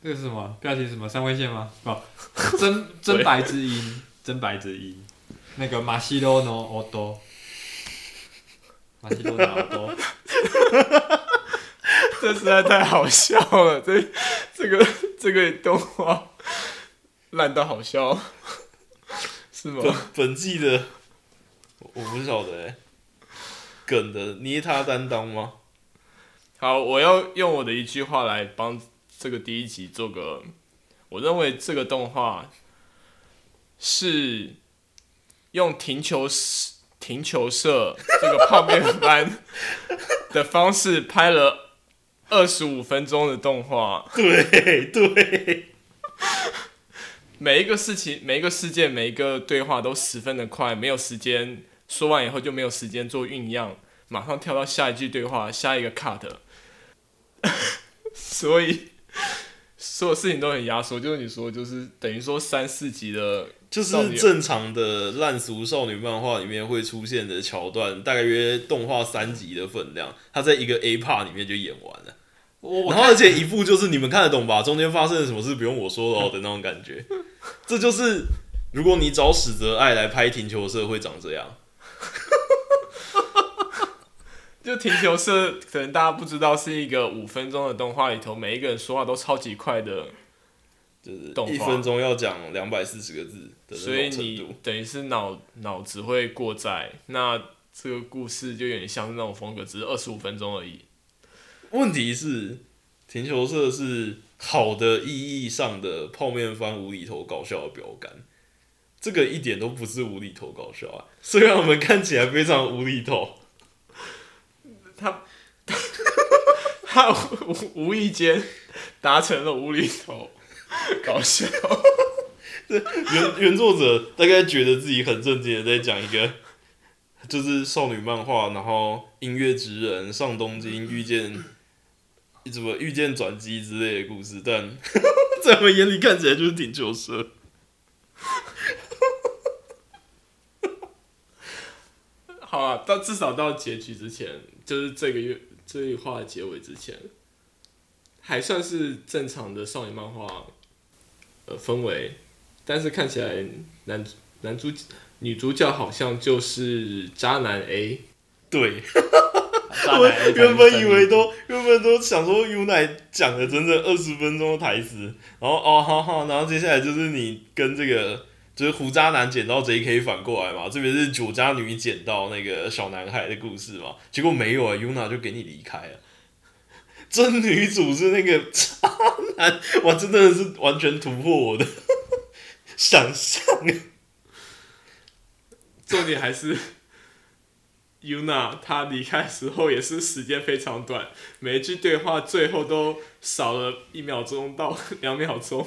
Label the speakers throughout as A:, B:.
A: 這個是什麼標題？是什麼三味線嗎？不、哦，真真白之音，真白之音，喂 真白之音那個馬西羅諾奧多，馬西羅諾奧多， 這實在太好笑了！這這個這個動畫爛到好笑，是嗎？本季的我，我不曉得、欸，梗的捏他擔當嗎？好，我要用我的一句話來幫。這個第一集做個，我認為這個動畫是用庭球社庭球社這個泡面番的方式拍了二十五分鐘的動畫。對對，每一個事情，每一個事件，每一個對話都十分的快，沒有時間說完以後就沒有時間做醞釀，馬上跳到下一句對話，下一個 cut， 所以。所有事情都很壓縮，就是你說，就是等於說三四集的，就是正常的爛俗少女漫畫裡面會出現的橋段，大概約動畫三集的分量，它在一個 A part 裡面就演完了。然後而且一部就是你們看得懂吧？中間發生了什麼事不用我說了的、哦、的那種感覺， 這就是如果你找矢澤愛來拍《庭球社》會長這樣。 就《庭球社》可能大家不知道，是一個五分鐘的動畫裡頭，每一個人說話都超級快的動畫，就是一分鐘要講兩百四十個字，所以你等於是腦腦子會過載。那這個故事就有點像是那種風格，只是二十五分鐘而已。問題是，《庭球社》是好的意義上的泡麵番無厘頭搞笑的標杆，這個一點都不是無厘頭搞笑啊！雖然我們看起來非常無厘頭。 他，他無意間達成了無厘頭搞笑，原原作者大概覺得自己很正經的在講一個，就是少女漫畫，然後音樂職人上東京遇見，你怎麼遇見轉機之類的故事，但在我們眼裡看起來就是挺羞澀。好啊，到至少到結局之前，就是這個月這一話結尾之前，還算是正常的少女漫畫，呃氛圍。但是看起來男男主女主角好像就是渣男 A，對，
B: 哈哈哈， 我原本以為都
A: 原本都想說，由乃講了整整二十分鐘的台詞，然後哦好好，然後接下來就是你跟這個。就是胡渣男撿到賊可以反過來嘛？這邊是酒渣女撿到那個小男孩的故事嘛，結果沒有啊，Yuna 就給你離開了。真女主是那個渣男，我真的是完全突破我的呵呵想象重點還是 Yuna 她離開的時候也是時間非常短，每一句對話最後都少了一秒鐘到兩秒鐘。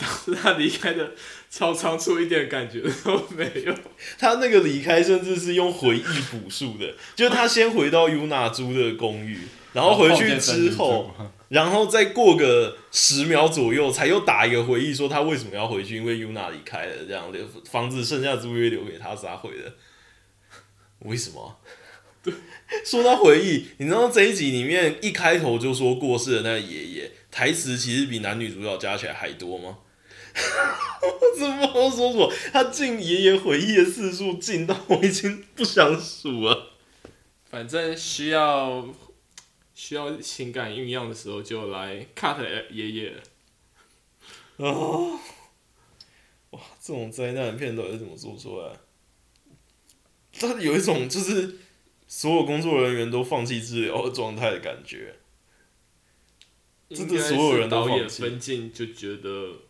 A: 當時他離開的超倉促，一點感覺都沒有。他那個離開甚至是用回憶補述的，就是他先回到尤 a 租的公寓，然後回去之後，然後再過個十秒左右，才又打一個回憶說他為什麼要回去，因為尤 a 離開了，這樣的房子剩下租約留給他撒回的。為什麼？對，說到回憶，你知道這一集裡面一開頭就說過世的那個爺爺台詞，其實比男女主角加起來還多嗎？我 怎麼好說說？他進爺爺回憶的次數進到我已經不想數了。反正需要需要情感醞釀的時候就來 cut 爺爺。哦，哇！這種災難片到底是怎麼做出來、啊？他有一種就是所有工作人員都放棄治療的狀態的感覺。所有人都導演分鏡就覺得。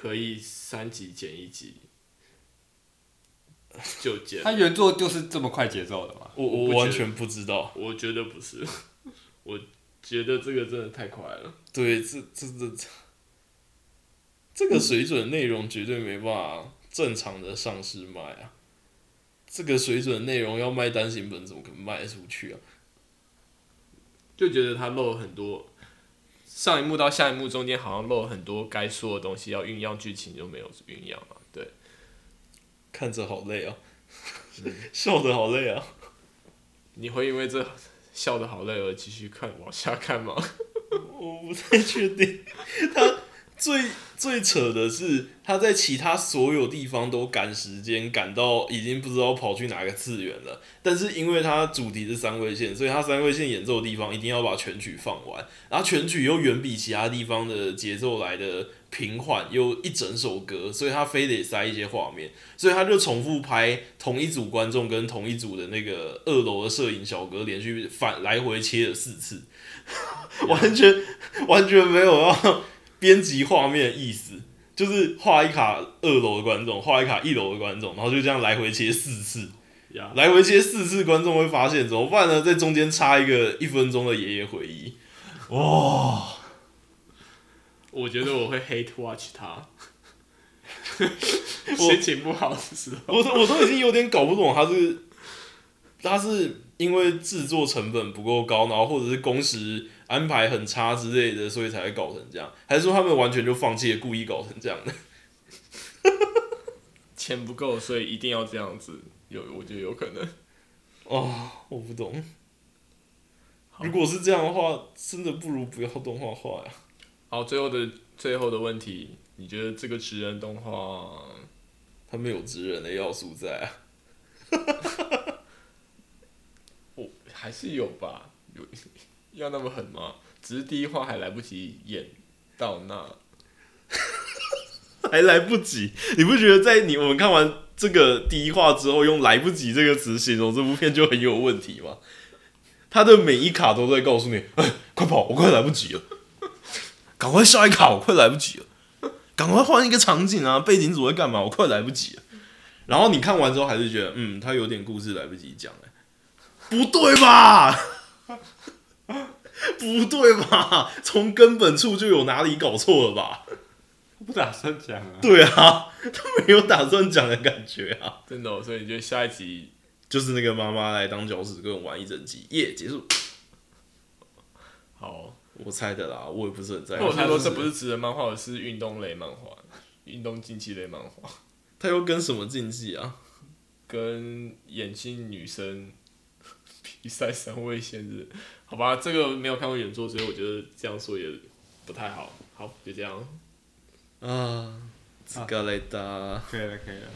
A: 可以三集剪一集，就剪。它原作就是這麼快節奏的嗎？我我完,我完全不知道。我覺得不是，我覺得這個真的太快了。 對，這這這,這，這個水準內容絕對沒辦法正常的上市賣啊！這個水準內容要賣單行本怎麼可能賣得出去啊？就覺得他漏了很多。上一幕到下一幕中間，好像漏了很多該說的東西，要醞釀劇情就沒有醞釀了。對，看着好累啊，嗯、笑得好累啊！你會因為這笑得好累而繼續看往下看嗎？我，我不太確定。 他最。最扯的是，他在其他所有地方都趕時間，趕到已經不知道跑去哪個次元了。但是因為他主題是三味線，所以他三味線演奏的地方一定要把全曲放完，然後全曲又遠比其他地方的節奏來的平緩，又一整首歌，所以他非得塞一些畫面，所以他就重複拍同一組觀眾跟同一組的那個二樓的攝影小哥，連續反來回切了四次，嗯、 完全完全沒有要。編輯畫面的意思就是畫一卡二樓的觀眾，畫一卡一樓的觀眾，然後就這樣來回切四次，yeah, 來回切四次觀眾會發現怎麼辦呢？在中間插一個一分鐘的爺爺回憶。哇、oh，我覺得我會 hate watch 他， 心情不好的時候， 我，我都我都已經有點搞不懂他是他是。因為製作成本不夠高，然後或者是工時安排很差之類的，所以才會搞成這樣。還是說他們完全就放棄了，故意搞成這樣的？ 錢不夠，所以一定要這樣子，有我覺得有可能。哦，我不懂。好如果是這樣的話，真的不如不要動畫化呀。好，最後的最後的問題，你覺得這個職人動畫，他沒有職人的要素在啊？ 還是有吧，有要那麼狠嗎？只是第一話還來不及演到那， 還來不及。你不覺得在你我們看完這個第一話之後，用來不及這個詞形容、喔、這部片就很有問題嗎？他的每一卡都在告訴你：“哎、欸，快跑！我快來不及了，趕快下一卡！我快來不及了，趕快換一個場景啊！背景組在幹嘛？我快來不及了。”然後你看完之後還是覺得：“嗯，他有點故事來不及講、欸。”了。不對吧？ 不對吧？從根本處就有哪裡搞錯了吧？不打算講啊？對啊，他沒有打算講的感覺啊，真的、哦。所以你覺得下一集就是那個媽媽來當攪屎棍，跟我玩一整集，耶、yeah,，結束。好、哦，我猜的啦，我也不是很在意。我猜說，是不是職人漫畫，是運動類漫畫，運 動競技類漫畫。他又跟什麼競技啊？跟眼睛女生。比賽三位限制，好吧，這個沒有看過原作，所以我覺得這樣說也不太好，好就這樣，啊，資格雷達，啊，可以了，可以了。